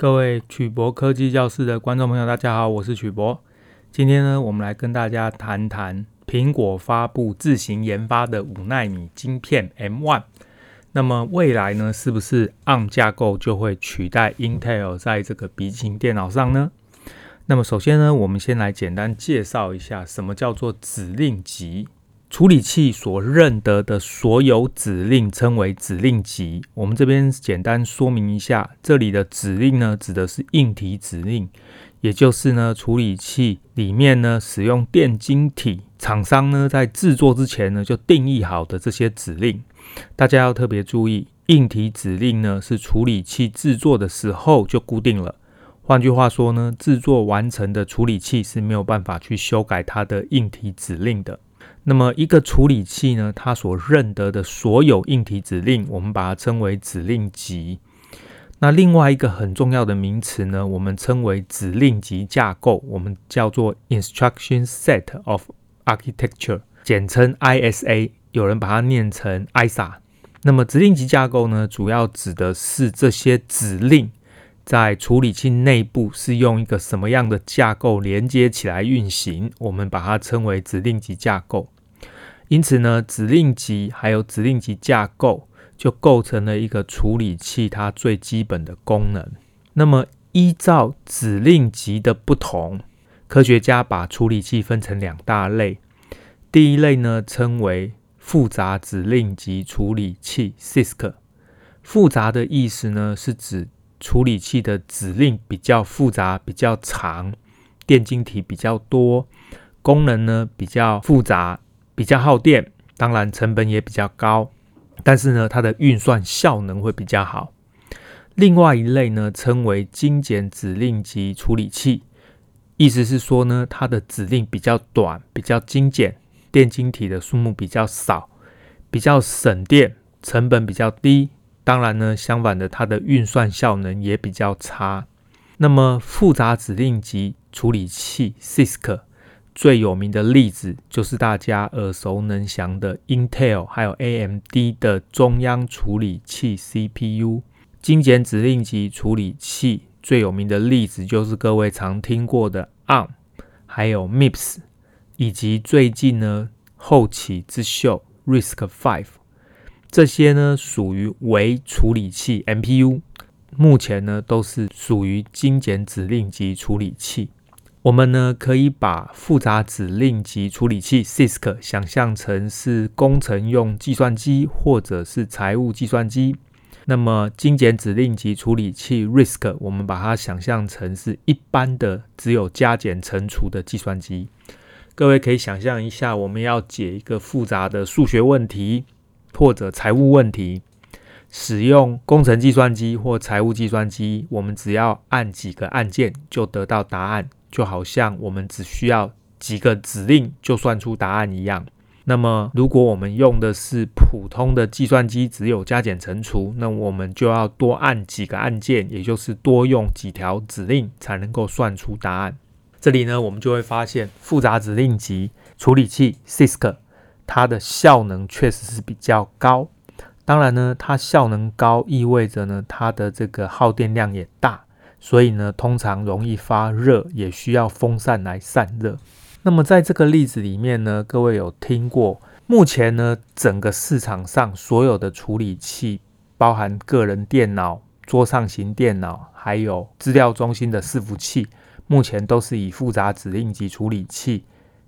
各位曲博科技教室的觀眾朋友，大家好，我是曲博。今天呢，我們來跟大家談談蘋果發布自行研發的五奈米晶片 M1。那麼未來呢，是不是 Arm 架構就會取代 Intel 在這個筆記型電腦上呢？那麼首先呢，我們先來簡單介紹一下什麼叫做指令集。處理器所認得的所有指令稱為指令集。我們這邊簡單說明一下，這裡的指令呢指的是硬體指令，也就是呢處理器裡面呢使用電晶體廠商呢在製作之前呢就定義好的這些指令。大家要特別注意，硬體指令呢是處理器製作的時候就固定了。換句話說呢，製作完成的處理器是沒有辦法去修改它的硬體指令的。那麼一個處理器呢，它所認得的所有硬體指令，我們把它稱為指令集。那另外一個很重要的名詞呢，我們稱為指令集架構，我們叫做 instruction set of architecture，簡稱 ISA。有人把它念成 ISA。那麼指令集架構呢，主要指的是這些指令。在處理器內部是用一個什麼樣的架構連接起來運行？我們把它稱為指令集架構。因此呢，指令集還有指令集架構就構成了一個處理器它最基本的功能。那麼依照指令集的不同，科學家把處理器分成兩大類。第一類呢稱為複雜指令集處理器 （CISC）。複雜的意思呢是指，處理器的指令比較複雜、比較長，電晶體比較多，功能呢比較複雜、比較耗電，當然成本也比較高。但是呢，它的運算效能會比較好。另外一類呢，稱為精簡指令集處理器，意思是說呢，它的指令比較短、比較精簡，電晶體的數目比較少，比較省電，成本比較低。當然呢，相反的，它的運算效能也比較差。那麼複雜指令級處理器 （CISC） 最有名的例子就是大家耳熟能詳的 Intel，還有 AMD 的中央處理器 CPU。精簡指令級處理器最有名的例子就是各位常聽過的 ARM，還有 MIPS，以及最近呢後起之秀 RISC-V。這些呢屬於微處理器 （MPU），目前呢都是屬於精簡指令集處理器。我們呢可以把複雜指令集處理器 （CISC） 想象成是工程用計算機或者是財務計算機。那麼精簡指令集處理器 （RISC），我們把它想象成是一般的只有加減乘除的計算機。各位可以想象一下，我們要解一個複雜的數學問題。或者財務問題，使用工程計算機或財務計算機，我們只要按幾個按鍵就得到答案，就好像我們只需要幾個指令就算出答案一樣。那麼，如果我們用的是普通的計算機，只有加減乘除，那我們就要多按幾個按鍵，也就是多用幾條指令才能夠算出答案。這裡呢，我們就會發現複雜指令集處理器 （CISC）。C 它的效能確實是比較高，當然呢，它效能高意味着呢，它的這個耗電量也大，所以呢，通常容易發熱，也需要風扇來散熱。那麼在這個例子裡面呢，各位有聽過，目前呢，整個市場上所有的處理器，包含個人電腦、桌上型電腦，還有資料中心的伺服器，目前都是以複雜指令集處理器。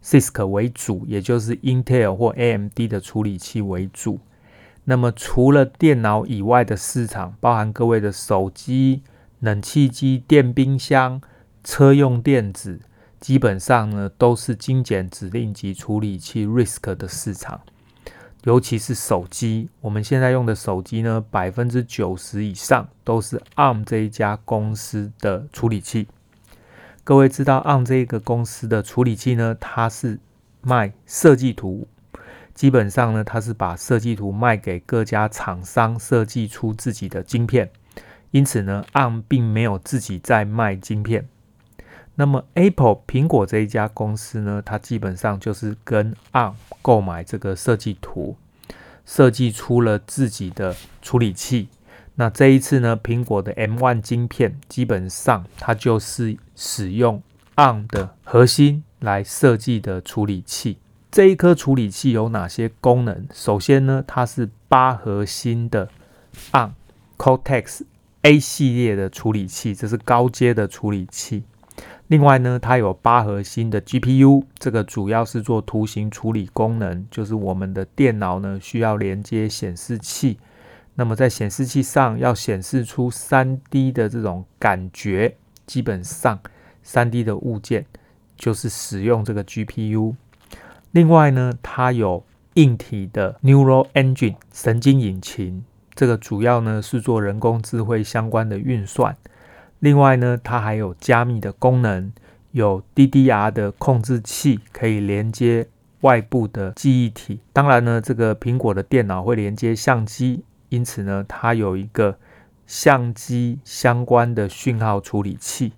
CISC 為主，也就是 Intel 或 AMD 的處理器為主。那麼，除了電腦以外的市場，包含各位的手機、冷氣機、電冰箱、車用電子，基本上呢，都是精簡指令集處理器 RISC 的市場。尤其是手機，我們現在用的手機呢，百分之九十以上都是 ARM 這一家公司的處理器。各位知道 ARM 這個公司的處理器呢，它是賣設計圖，基本上呢，它是把設計圖賣給各家廠商，設計出自己的晶片。因此呢，ARM 並沒有自己在賣晶片。那麼 Apple 蘋果這一家公司呢，它基本上就是跟 ARM 購買這個設計圖，設計出了自己的處理器。那這一次呢，蘋果的 M1 晶片基本上它就是使用 ARM 的核心來設計的處理器。這一顆處理器有哪些功能？首先呢，它是八核心的 ARM Cortex A 系列的處理器，這是高階的處理器。另外呢，它有八核心的 GPU，這個主要是做圖形處理功能，就是我們的電腦呢需要連接顯示器。那麼在顯示器上要顯示出 3D 的這種感覺，基本上 3D 的物件就是使用這個 GPU。另外呢，它有硬體的 Neural Engine 神經引擎，這個主要呢是做人工智慧相關的運算。另外呢，它還有加密的功能，有 DDR 的控制器可以連接外部的記憶體。當然呢，這個蘋果的電腦會連接相機。因此呢，它有一個相機相關的訊號處理器，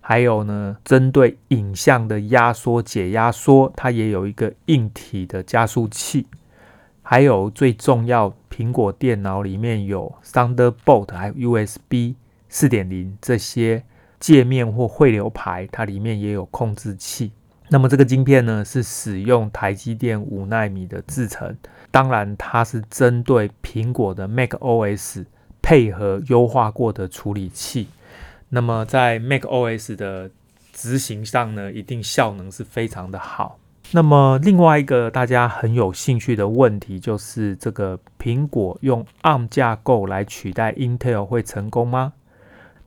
還有呢，針對影像的壓縮解壓縮，它也有一個硬體的加速器，還有最重要，蘋果電腦裡面有 Thunderbolt 還有 USB 四點零這些界面或匯流排，它裡面也有控制器。那麼這個晶片呢，是使用台積電五奈米的製程，當然它是針對蘋果的 macOS 配合優化過的處理器。那麼在 macOS 的執行上呢，一定效能是非常的好。那麼另外一個大家很有興趣的問題，就是這個蘋果用 ARM 架構來取代 Intel 會成功嗎？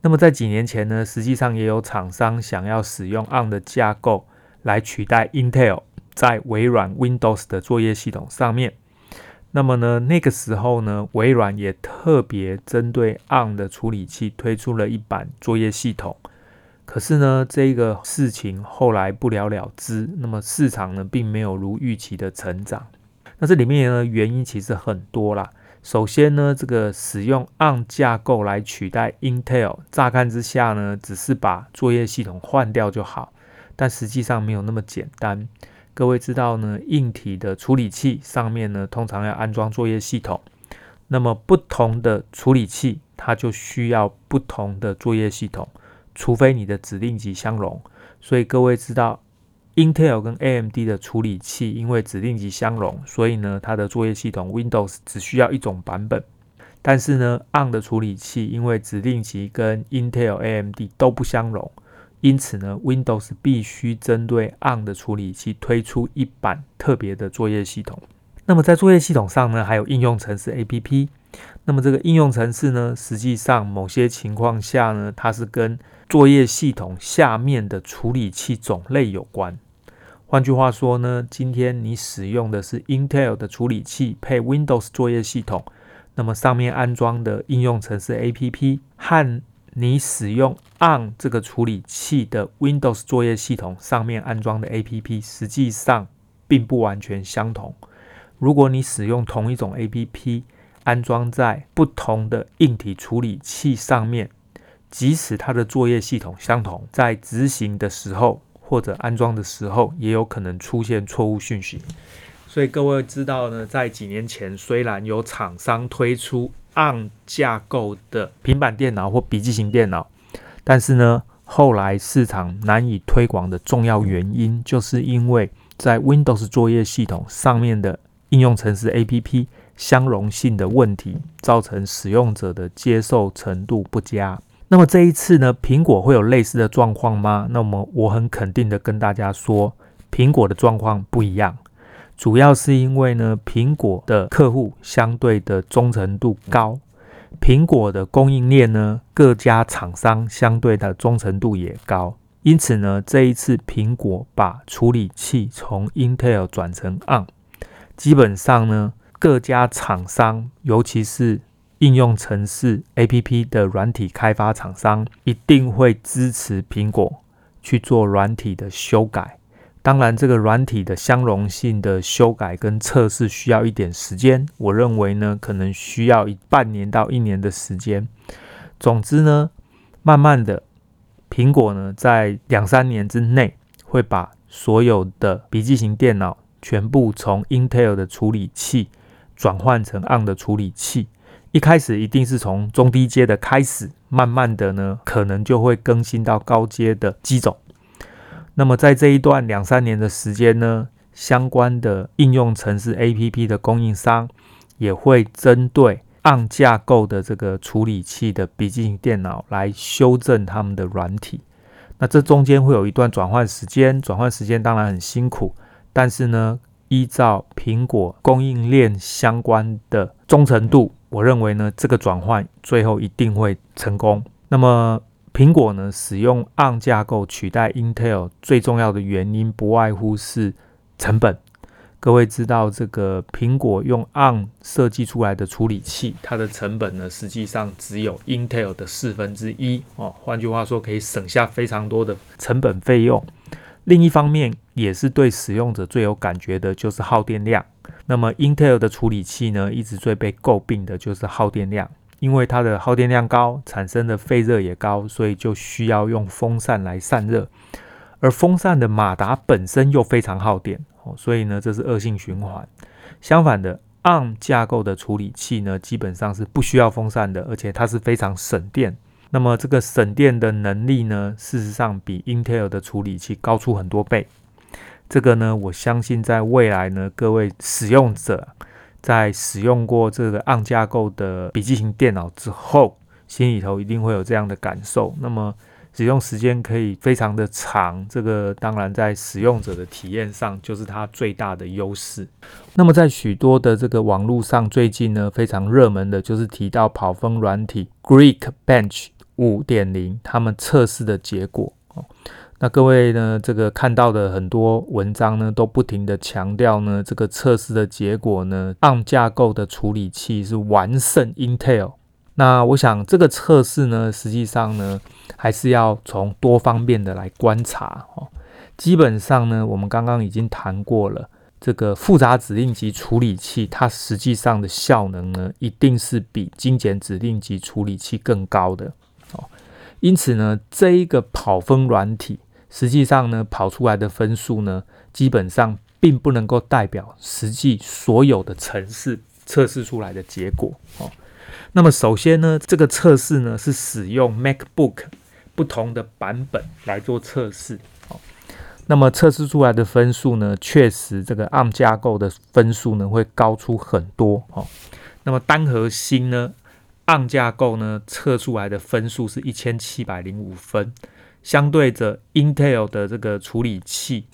那麼在幾年前呢，實際上也有廠商想要使用 ARM 的架構。來取代 Intel 在微軟 Windows 的作業系統上面。那麼呢，那個時候呢，微軟也特別針對 ARM 的處理器推出了一版作業系統。可是呢，這個事情後來不了了之。那麼市場呢，並沒有如預期的成長。那這裡面呢，原因其實很多啦。首先呢，這個使用 ARM 架構來取代 Intel，乍看之下呢，只是把作業系統換掉就好。但實際上沒有那麼簡單。各位知道呢，硬體的處理器上面呢，通常要安裝作業系統。那麼不同的處理器，它就需要不同的作業系統，除非你的指令集相容。所以各位知道，Intel 跟 AMD 的處理器因為指令集相容，所以呢，它的作業系統 Windows 只需要一種版本。但是呢，ARM 的處理器因為指令集跟 Intel、AMD 都不相容。因此呢，Windows 必須針對 ARM 的處理器推出一版特別的作業系統。那麼在作業系統上呢，還有應用程式 APP。那麼這個應用程式呢，實際上某些情況下呢，它是跟作業系統下面的處理器種類有關。換句話說呢，今天你使用的是 Intel 的處理器配 Windows 作業系統，那麼上面安裝的應用程式 APP 和你使用 ARM 這個處理器的 Windows 作業系統上面安裝的 APP，實際上並不完全相同。如果你使用同一種 APP 安裝在不同的硬體處理器上面，即使它的作業系統相同，在執行的時候或者安裝的時候，也有可能出現錯誤訊息。所以各位知道呢，在幾年前，雖然有廠商推出 ARM 架構的平板電腦或筆記型電腦，但是呢，後來市場難以推廣的重要原因，就是因為在 Windows 作業系統上面的應用程式 APP 相容性的問題，造成使用者的接受程度不佳。那麼這一次呢，蘋果會有類似的狀況嗎？那麼我很肯定的跟大家說，蘋果的狀況不一樣。主要是因為呢，蘋果的客戶相對的忠誠度高，蘋果的供應鏈呢，各家廠商相對的忠誠度也高，因此呢，這一次蘋果把處理器從 Intel 轉成 ARM，基本上呢，各家廠商，尤其是應用程式 APP 的軟體開發廠商，一定會支持蘋果去做軟體的修改。當然，這個軟體的相容性的修改跟測試需要一點時間。我認為呢，可能需要一半年到一年的時間。總之呢，慢慢的，蘋果呢在兩三年之內會把所有的筆記型電腦全部從 Intel 的處理器轉換成 ARM 的處理器。一開始一定是從中低階的開始，慢慢的呢，可能就會更新到高階的機種。那麼，在這一段兩三年的時間呢，相關的應用程式 APP 的供應商也會針對 ARM 架構的這個處理器的筆記型電腦來修正他們的軟體。那這中間會有一段轉換時間，轉換時間當然很辛苦，但是呢，依照蘋果供應鏈相關的忠誠度，我認為呢，這個轉換最後一定會成功。那麼。蘋果呢，使用 ARM 架構取代 Intel 最重要的原因，不外乎是成本。各位知道，這個蘋果用 ARM 設計出來的處理器，它的成本呢，實際上只有 Intel 的四分之一哦。換句話說，可以省下非常多的成本費用。另一方面，也是對使用者最有感覺的，就是耗電量。那麼 Intel 的處理器呢，一直最被詬病的就是耗電量。因為它的耗電量高，產生的廢熱也高，所以就需要用風扇來散熱，而風扇的馬達本身又非常耗電，所以呢，這是惡性循環。相反的，ARM 架構的處理器呢，基本上是不需要風扇的，而且它是非常省電。那麼這個省電的能力呢，事實上比 Intel 的處理器高出很多倍。這個呢，我相信在未來呢，各位使用者。在使用過這個 ARM 架構的筆記型電腦之後，心裡頭一定會有這樣的感受。那麼使用時間可以非常的長，這個當然在使用者的體驗上就是它最大的優勢。那麼在許多的這個網路上，最近呢非常熱門的就是提到跑分軟體 Geekbench 五點零，他們測試的結果。那各位呢，這個看到的很多文章呢，都不停的強調呢，這個測試的結果呢，ARM 架構的處理器是完勝 Intel。那我想這個測試呢，實際上呢，還是要從多方面的來觀察哦。基本上呢，我們剛剛已經談過了，這個複雜指令集處理器它實際上的效能呢，一定是比精簡指令集處理器更高的哦。因此呢，這一個跑分軟體。實際上呢，跑出來的分數呢，基本上並不能夠代表實際所有的程式測試出來的結果哦，那麼首先呢，這個測試呢是使用 MacBook 不同的版本來做測試哦，那麼測試出來的分數呢，確實這個 ARM 架構的分數呢會高出很多哦，那麼單核心呢，ARM 架構呢測出來的分數是一千七百零五分。相對着 Intel 的這個處理器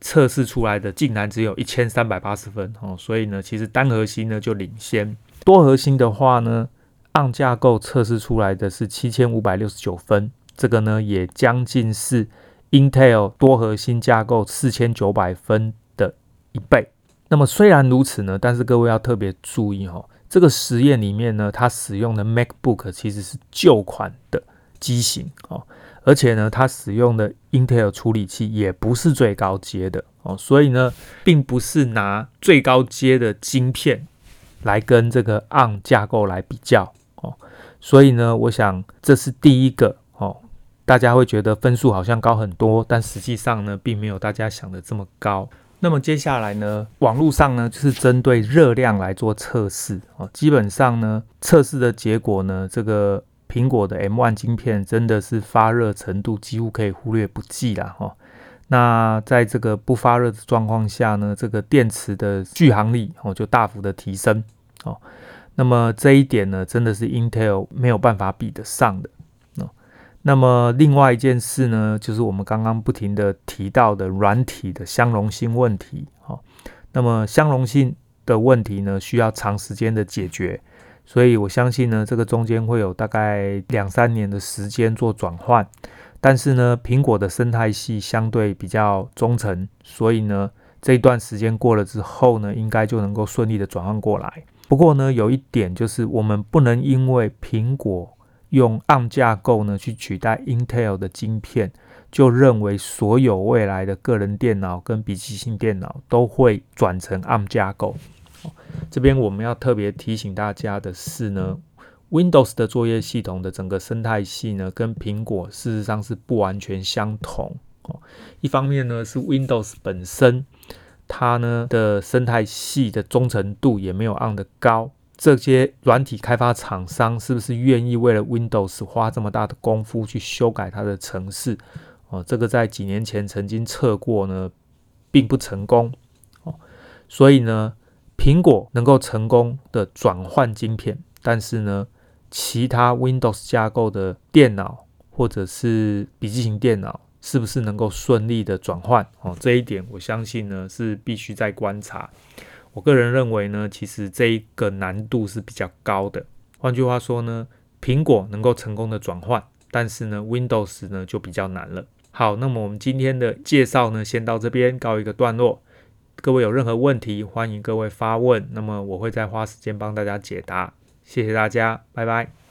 測試出來的，竟然只有一千三百八十分哦，所以呢，其實單核心呢就領先，多核心的話呢，ARM 架構測試出來的是七千五百六十九分，這個呢也將近是 Intel 多核心架構四千九百分的一倍。那麼雖然如此呢，但是各位要特別注意哦，這個實驗裡面呢，它使用的 MacBook 其實是舊款的。機型哦，而且呢，它使用的 Intel 處理器也不是最高階的哦，所以呢，並不是拿最高階的晶片來跟這個 ARM 架構來比較哦，所以呢，我想這是第一個哦，大家會覺得分數好像高很多，但實際上呢，並沒有大家想的這麼高。那麼接下來呢，網絡上呢，就是針對熱量來做測試哦，基本上呢，測試的結果呢，這個。蘋果的 M1 晶片真的是發熱程度幾乎可以忽略不計了哈。那在這個不發熱的狀況下呢，這個電池的續航力哦，就大幅的提升哦。那麼這一點呢，真的是 Intel 沒有辦法比得上的。那那麼另外一件事呢，就是我們剛剛不停的提到的軟體的相容性問題哦。那麼相容性的問題呢，需要長時間的解決。所以我相信呢，這個中間會有大概兩三年的時間做轉換，但是呢，蘋果的生態系相對比較忠誠，所以呢，這段時間過了之後呢，應該就能夠順利的轉換過來。不過呢，有一點就是，我們不能因為蘋果用 ARM 架構呢去取代 Intel 的晶片，就認為所有未來的個人電腦跟筆記型電腦都會轉成 ARM 架構。這邊我們要特別提醒大家的是呢，Windows 的作業系統的整個生態系呢，跟蘋果事實上是不完全相同。哦，一方面呢是 Windows 本身，它呢的生態系的忠誠度也沒有 on 得高。這些軟體開發廠商是不是願意為了 Windows 花這麼大的功夫去修改它的程式？哦，這個在幾年前曾經測過呢，並不成功。哦，所以呢。蘋果能夠成功的轉換晶片，但是呢，其他 Windows 架構的電腦或者是筆記型電腦，是不是能夠順利的轉換？哦，這一點我相信呢，是必須再觀察。我個人認為呢，其實這一個難度是比較高的。換句話說呢，蘋果能夠成功的轉換，但是呢，Windows 呢，就比較難了。好，那麼我們今天的介紹呢，先到這邊告一個段落。各位有任何問題，歡迎各位發問，那麼我會再花時間幫大家解答。謝謝大家，拜拜。